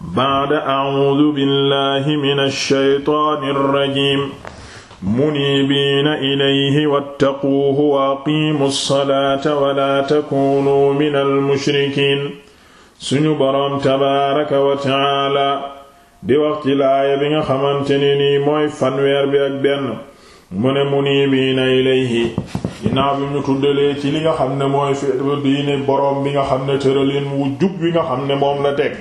baada audu billahi min alsheytaani alrajim muniibiina ilayhi wattaquuhu wa aqiimu alsalaata wala takuunuu min almushrikiin suñu boroom tabaaraka wa tacaala di wax bi nga xamante ne ni mooy fanweer bi ak benn mu ne muniibiina ilayhi ginnaaw bi ñu ci li nga xam ne mooy fi diine boroom bi nga xam ne tëralin wu jub bi nga xam ne moom la teg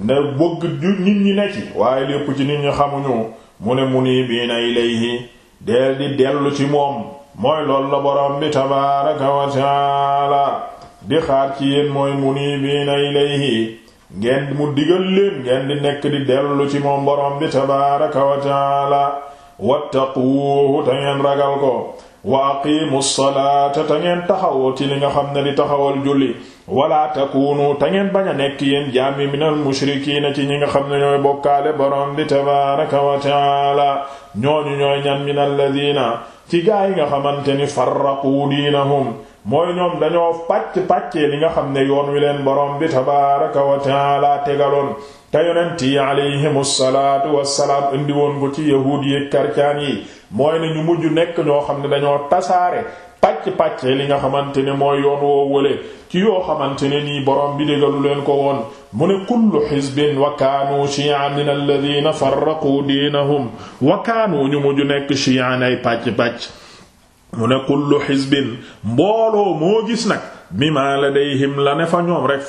ne bëgg nit ñi ne ci waaye lépp ci nit ñi xamuñu mu ne muniibiina ilayhi deel di dellu ci moom mooy loolu la borom bi tabaaraka wa taala xaar ci yéen mooy muniibiina ilayhi ngeen mu digal leen ngeen di nekk di dellu ci moom borom bi tabaaraka wa taala wattaquuhu te ngeen ragal ko wa aqimu salaata te ngeen taxawoo ci li nga xam ne di taxawal julli wala takunu te ngeen bañ nekk yéen jaami minal mushrikiina ci ñi nga xam ne ñooy bokkaale borom bi tabaaraka wa taala ñooñu ñooy ñan minal ladiina ci gaa yi nga xamante ni farraqu diinahum mooy ñoom dañoo pàcc pàccee li nga xam ne yoon wi leen borom bi tabaaraka wa taala tegaloon te yonent yi alayhimu salaatu wassalaam indi woon ko ci yahuud yi karcaan mooy ne ñu mujj nekk ñoo xam ne dañoo tasaare pàcc-pàcc li nga xamante ne mooy yoon woo ci yoo xamante ne nii borom bi dégalu leen ko woon mu ne kullu xisbin wa kaanu shi'an min alladhina farraqu diinahum wa kaanu ñu mujj nekk shi'an ay pàcc-pàcc mu ne kullu xisbin mbooloo moo gis mimma ladayhim la ne fa ñoom rek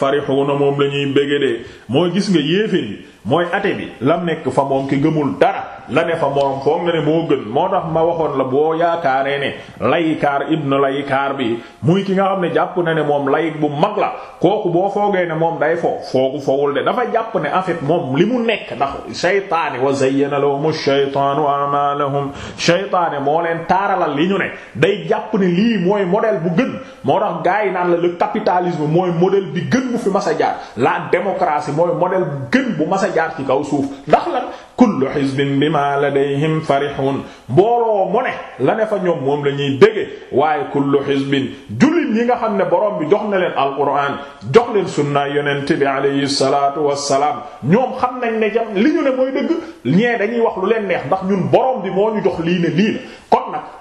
na moom la ñuy bëgg de gis nga yéeféer yi mooy ate bi lam nekk fa moom ki gëmul dara la ne fa moom foog nga ne moo gën moo tax ma waxoon la boo yaakaaree ne laykaar ibn laykaar bi muy ki nga xam ne jàpp na ne moom layik bu mag la kooku boo foogee ne moom day fo foogu foogul de dafa jàpp ne en fait moom li mu nekk ndax shaytaani wa zayyana lahum shaytaanu a'maalahum shaytaane moo leen taaralal li ñu ne day jàpp ne lii mooy modèle bu gën moo tax gars yi naan la le capitalisme mooy modèle bi gën bu fi mas laa jaar la démocratie mooy modèle bu gën bu mas a jaar ci kaw suuf ndax lan kullu hizbin bima ladayhim farihun mbooloo mu ne la ne fa ñoom moom la ñuy déggee waaye kullu hizbin jullit ñi nga xam ne borom bi jox na leen alquran jox leen sunna yonent bi alayhi salaatu wassalaam ñoom xam nañ ne jam li ñu ne mooy dëgg ñee dañuy wax lu leen neex ndax ñun borom bi moo ñu jox lii ne lii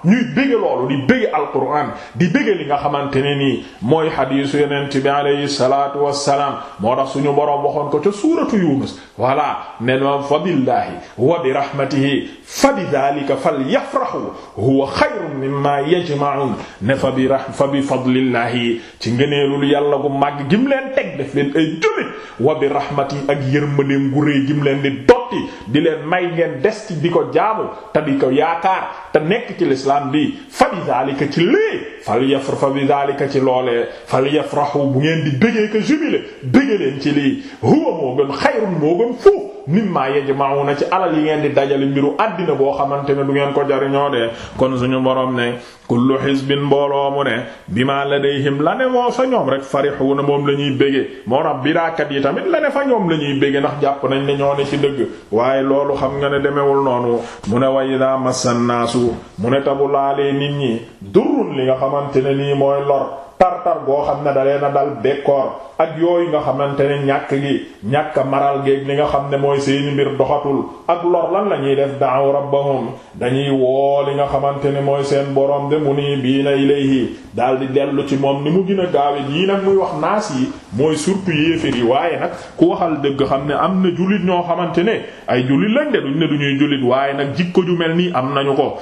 ñuy bëgg loolu di bëgg alquran di bëgg li nga xamante ne nii mooy xadiisu yonent bi alayhi salaatu wassalaam moo tax suñu boroom waxoon ko ca suuratu yunus voilà ne noon fa billaahi wa bi rahmatihi fa bi daalika falyafrahu huwa xayrun mimma yajma'un ne fa bi fa bi fadlillaahi ci ngëneelul yàlla gu màgg gim leen teg def leen ay jullit wa bi rahmatihi ak yërmandeem gu rëy gim leen di sotti di leen may ngeen des ci di ko jaamu te di ko yaakaar te nekk ci lislaam bi fa bi daalika ci lii fal yafr fa bi daalika ci loolee fal yafrahu bu ngeen di bëggee ko jubile bëgg leen ci lii huwa moo gën xayrun moo gën foofu mimma yajma'una ci alal yi ngeen di dajale mbiru àddina boo xamante ne du ngeen ko jariñoo de kon suñu borom ne kullu xisbin mbooloo mu ne bima ladayhim la ne moo fa ñoom rek farihuna moom la ñuy bége moo tax bidaakat yi tamit la ne fa ñoom la ñuy bége ndax jàpp nañ ne ñoo ne ci dëgg waaye loolu xam nga ne demewul noonu mu ne wa idha massan naasu mu ne tabu laalee nit ñi durrun li nga xamante ne nii mooy lor tartar goo xam ne dalee na dal bekkoor ak yooyu nga xamante ne ñàkk gi ñàkk maral géeg li nga xam ne mooy seeni mbir doxatul ak lor lan la ñuy def daaw rabbahum dañuy woo li nga xamante ne mooy seen borom de munibiina ilayhi daal di dellu ci moom ni mu gën a gaawe yii nag muy wax naas yi mooy surtout yéefér yi waaye nag ku waxal dëgg xam ne am na jullit ñoo xamante ne ay jullit lañ de duñ ne duñuy jullit waaye nag jikko ju mel nii am nañu ko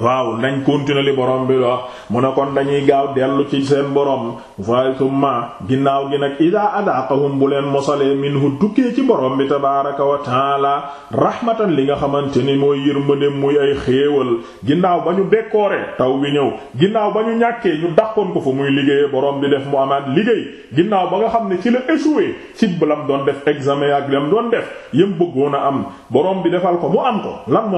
waaw nañ continuer li borom bi wax mu ne kon dañuy gaaw dellu ci seen borom waaye summa ginnaaw gi nag ida adaqahum bu leen mosalee minhu tukkee ci borom bi tabaaraka wa taala rahmatan li nga xamante ni mooy yërmandeem muy ay xéewal ginnaaw ba ñu décorer taw bi ñëw ginnaaw ba ñu ñàkkee ñu dàqoon ko fu muy liggéeyee borom bi def mu amaat liggéey ginnaaw ba nga xam ne ci la échoué ci lam doon def examen ak lam doon def yëm bëggoon a am borom bi defal ko mu am ko lan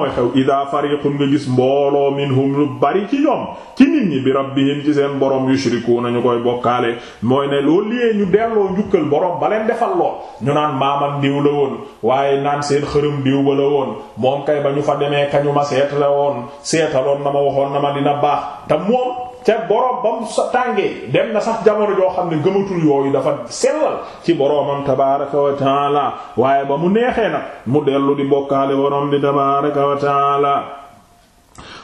minhum lu bari ci ñoom ci nit ñi bi rabbihim ci seen borom yushrikuuna ñu koy bokkaale mooy ne loolu liyee ñu delloo njukkal boroom ba leen defal lool ñu naan maaman diw la woon waaye naan seen xërëm diw ba la woon moom kay ba ñu fa demee kañu ma seet la woon seetaloon na ma waxoon na ma dina baax te moom ca boroom ba mu sa tàngee dem na sax jamono joo xam ne gëmatul yooyu dafa sellal ci boroomam tabaaraka wa taala waaye ba mu neexee nag mu dellu di bokkaale boroom di tabaaraka wa taala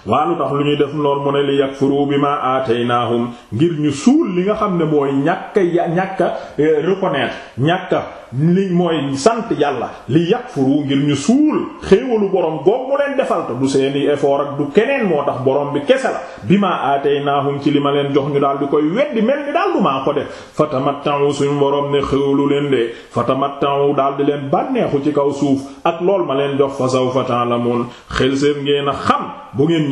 waa lu tax lu ñuy def lool mu ne li yakfuru bima aataynahum ngir ñu suul li nga xam ne mooy ñàkk ñàkk ñàkka eh, reconnaître li mooy sant yàlla li yakfuru ngir ñu suul xéewalu borom goog mu leen defal te du seeni effort ak du keneen moo tax boroom bi kese la bima aataynahum ci li ma leen jox ñu daal di koy weddi mel ni daal du maa ko def fatamatta'u suñu borom ne xéewalu leen de fatamatta'u daal di leen bànneexu ci kaw suuf ak lool ma leen jox fa sawfa ta'lamun xel seen a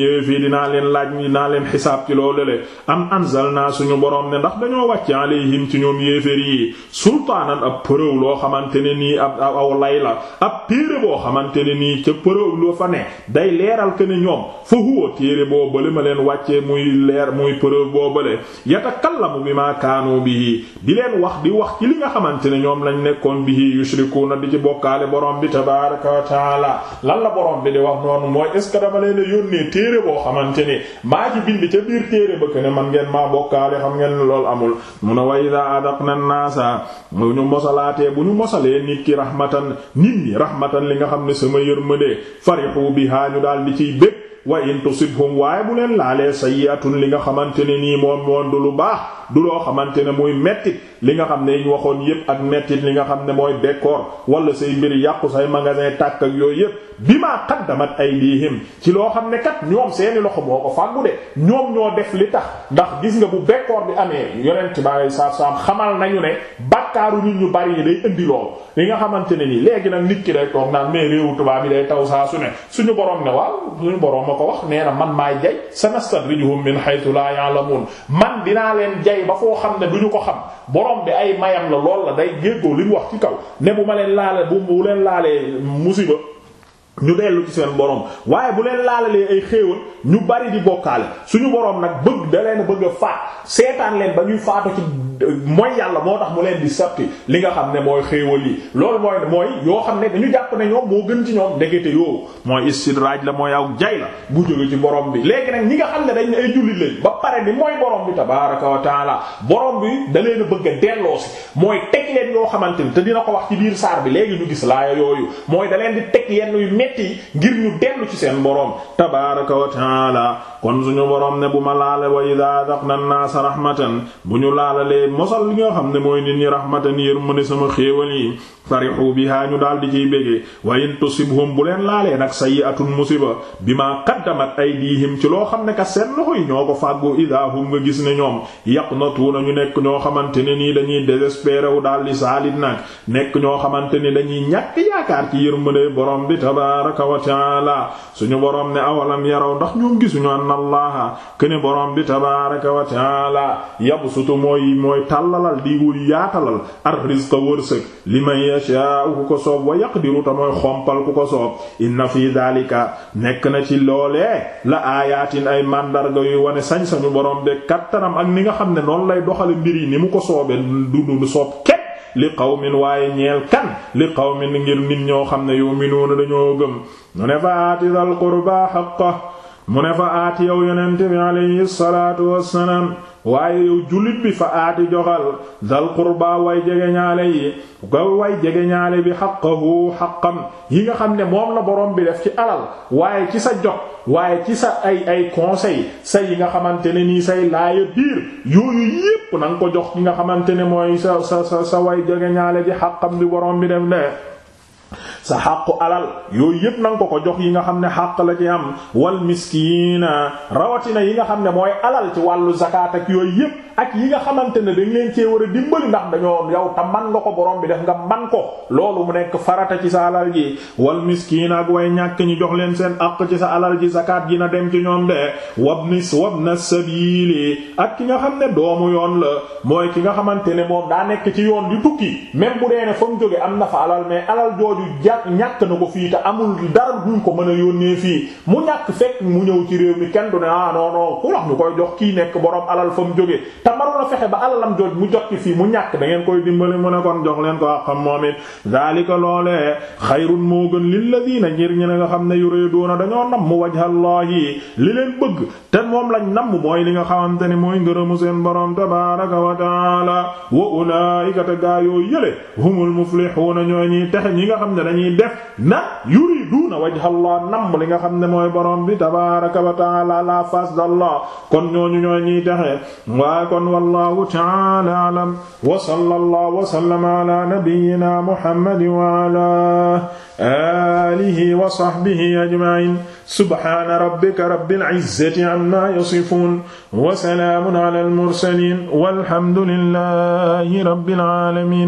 ñëwee fii dinaa leen laaj dinaa leen xisaab ci loolu le am anzalna suñu borom ne loo xamante ne nii ab aw la ab téere boo xamante ne nii ca përëw loo fa day leeral ke ne ñoom téere boo bële ma leen wàccee muy leer muy përëw boo bële yatakallamu bima kaanu bihi di leen wax di wax ci li nga xamante ne ñoom lañ nekkoon bi tabaaraka wa taala lan la borom bi di wax noonu mooy est-ce que dama leen yónnee téere boo xamante ne maa ci bind ca biir téere ba ko ne man ngeen maa bokkaale xam ngeen lool amul mun mu ne wa idaa adaqna naasa bu ñu mosalaatee bu ñu mosalee nit ki rahmatan nit ñi rahmatan li nga xam ne sama yërmande farihu biha ñu daal di ciy bég wa in tusibhum waaye bu leen laalee sayyi'atun li nga xamante ne nii moom moom du lu baax du loo xamante ne muy mettit li nga xam ne ñu waxoon yépp ak mettit li nga xam ne mooy bekkoor wala say mbir yàqu say magasin tàkk ak yooyu yépp bima qaddamat aydihim ci loo xam ne kat ñoom seeni loxo moo ko fàggu de ñoom ñoo def li tax ndax gis nga bu bekkoor bi amee yonent ba ngay saab saab xamal nañu ne bakkaaru nit ñu bari yi day indi loolu li nga xamante ne nii léegi nag nit ki day toog naan mais réewu tubaab yi day taw saa su ne suñu borom ne waaw ko wax nee na man maay jay sanastadrijuhum min haythu la ya'lamun man dinaa leen jay ba foo xam ne du ñu ko xam borom bi ay mayam la lool la day géggoo li wax ci kaw ne bu ma leen laale bu bu leen laalee musiba ñu dellu ci seen borom waaye bu leen laalalee ay xéewal ñu bari di bokkaal suñu boroom nag bëgg da leen bëgg a faat seetaan leen ba ñuy faatu ci mooy yàlla moo tax mu leen di satti li nga xam ne mooy xéewal yi loolu mooy mooy yoo xam ne dañu jàpp ne moo gën ci ñoom ndekete yoo mooy istidraaj la mooy aw jay la bu jóge ci borom bi léegi nag ñi nga xam ne dañ ay jullit lañ ba pare ni mooy borom bi tabaaraka wa taala borom bi da leen a bëgg a delloosi mooy teg leen yoo xamante ni te dina ko wax ci biir saar bi léegi ñu gis laaya yooyu mooy daleen di teg yenn yu metti yi ngir ñu dellu ci seen boroom tabaaraka wa taala kon suñu borom ne bu ma laale wa idaa naa sa rahmatan bu ñu laalalee mosal li nga xam ne mooy nit ñi rahmatan yér mëne sama xéewal yi farixu bihaa ñu daal di ciy bégee wa in tusibhum bu leen laalee nag sayyi'atun musiba bimaa qaddamat aydiihim ci loo xam ne ka seen loxo yi ñoo ko fàggu idaa hum nga gis ne ñoom yaqnatuuna ñu nekk ñoo xamante ne nii dañuy désespéré wu daal di saalit nag nekk ñoo xamante ne dañuy ñàkk yaakaar ci yërmande borom bi tabaaraka wa ta'aala suñu borom ne awalam yaraw ndax allaha kene borom bi tabaaraka wa taala yabsutu mooy mooy tàllalal di wul yaatalal ar rizqa wërsëg li man yashaa'u ku ko soob wa yaqdiru ta mooy xompal ku ko soob inna fi daalika nekk na ci loolee la aayaatin ay màndarga yuy wane sañ-sañu borom bi kattaram ak ni nga xam ne noonu lay doxale mbir yi ni mu ko soobee du du soob képp li qawmin waaye ñeel kan li qawmin ngir nit ñoo xam ne yu'minuuna dañoo gëm ñu ne fa aati dal qurba mu ne fa aati yow yonent bi alayhi salaatu wassalaam waaye yow jullit bi fa aati joxal dal qurba way jege ñaale yi gaw way jege ñaale bi xaqahu xaqam yi nga xam ne moom la borom bi def ci alal waaye ci sa jot waaye ci sa ay ay conseil sa yi nga xamante ne nii say laaya biir yooyu yépp na ko jox yi nga xamante ne mooy sa sa sa sa way jege ñaale bi xaqam bi borom bi def ne sa xàqu alal yooyu yépp na ko ko jox yi nga xam ne xàq la ci am wal miskiina rawatina yi nga xam ne mooy alal ci wàllu zakat ak yooyu yépp ak yi nga xamante ne dañ leen cee war a dimbali ndax dañoo yow te man nga ko boroom bi def nga man ko loolu mu nekk farata ci sa alal ji wal miskiina ak way ñàkk ñi jox leen seen àq ci sa alal ji zakat ji na dem ci ñoom de wabnis wabna sabiili ak ki nga xam ne doomu yoon la mooy ki nga xamante ne moom daa nekk ci yoon di tukki même bu dee ne fa jooju jàpp ñàkk na ko fii te amul dara duñ ko mën a yónnee fii mu ñàkk fekk mu ñëw ci réew mi kenn du ne ah non non ku koy jox kii nekk boroom alal fa mu jógee waroon a fexe ba alalam jooj mu jot ci fii mu ñàkk da ngeen koy dimbali mu ne kon jox leen ko àqam moom it daalika loolee xayrun moo gën lilladiina ngir ñi nga xam ne yuriduuna dañoo namm wajhallahi li leen bëgg te moom lañ namm mooy li nga xamante ne mooy ngërëmu seen borom tabaaraka wa taala wa ulaa'ika te gaayoo yële humul muflihuuna ñoo ñuy texe ñi nga xam ne dañuy def na yuri yuriduuna wajhallah namm li nga xam ne mooy borom bi tabaaraka wa taala la fasdallah kon ñooñu ñooy ñiy texe waaye kon wallahu taala alam wa sallallahu wa sallama ala nabiyyina muhammad wa ala alihi wa sahbihi ajma'in subhana rabbika rabbil izzati amma yasifun wa salamun ala al mursalin walhamdulillahi rabbil alamin